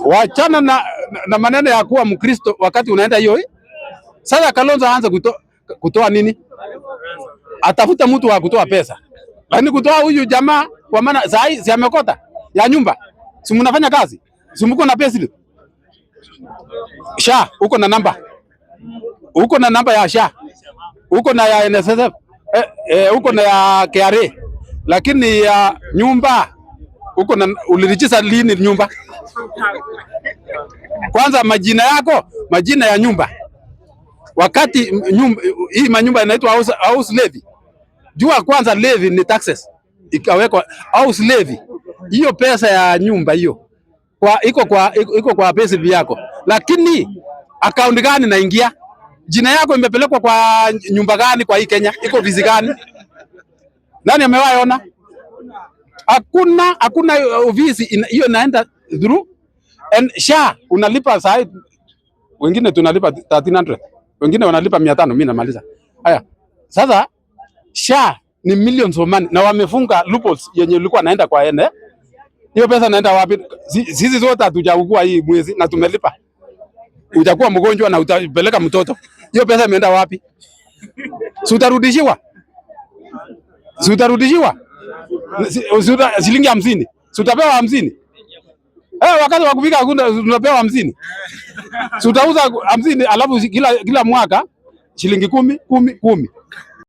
wachana na, na maneno ya kuwa Mkristo wakati unaenda hiyo. Eh? Sasa Kalonzo aanze kuto, kutoa nini? Atafuta mtu wa kutoa pesa, lakini kutoa huyu jamaa kwa maana saa hii si amekota ya nyumba, si mnafanya kazi, si mko na pesa sha, uko na namba, uko na namba ya sha, uko na ya NSSF eh, eh, uko na ya KRA, lakini ya nyumba uko na ulirijisa lini nyumba kwanza majina yako, majina ya nyumba. Wakati nyumba, hii manyumba inaitwa house, house levy. Jua kwanza levy ni taxes. Ikawekwa house levy. Hiyo pesa ya nyumba hiyo kwa iko kwa iko kwa pesa yako. Lakini account gani naingia? Jina yako imepelekwa kwa nyumba gani kwa hii Kenya? Iko vizi gani? Nani amewaona? Hakuna hakuna ofisi hiyo inaenda through And SHA unalipa saa wengine tunalipa 1300, wengine wanalipa 500, mimi namaliza. Haya. Sasa SHA ni millions of money na wamefunga loopholes yenye ilikuwa naenda kwa ene. Eh? Hiyo pesa naenda wapi? Sisi zote hatujaugua hii mwezi na tumelipa. Utakuwa mgonjwa na utapeleka mtoto. Hiyo pesa imeenda wapi? Si utarudishiwa? Si utarudishiwa? Shilingi hamsini. Si Eh, wakati wa kupika hakuna tunapewa hamsini. Eh. Si utauza hamsini alafu kila kila mwaka shilingi kumi kumi kumi.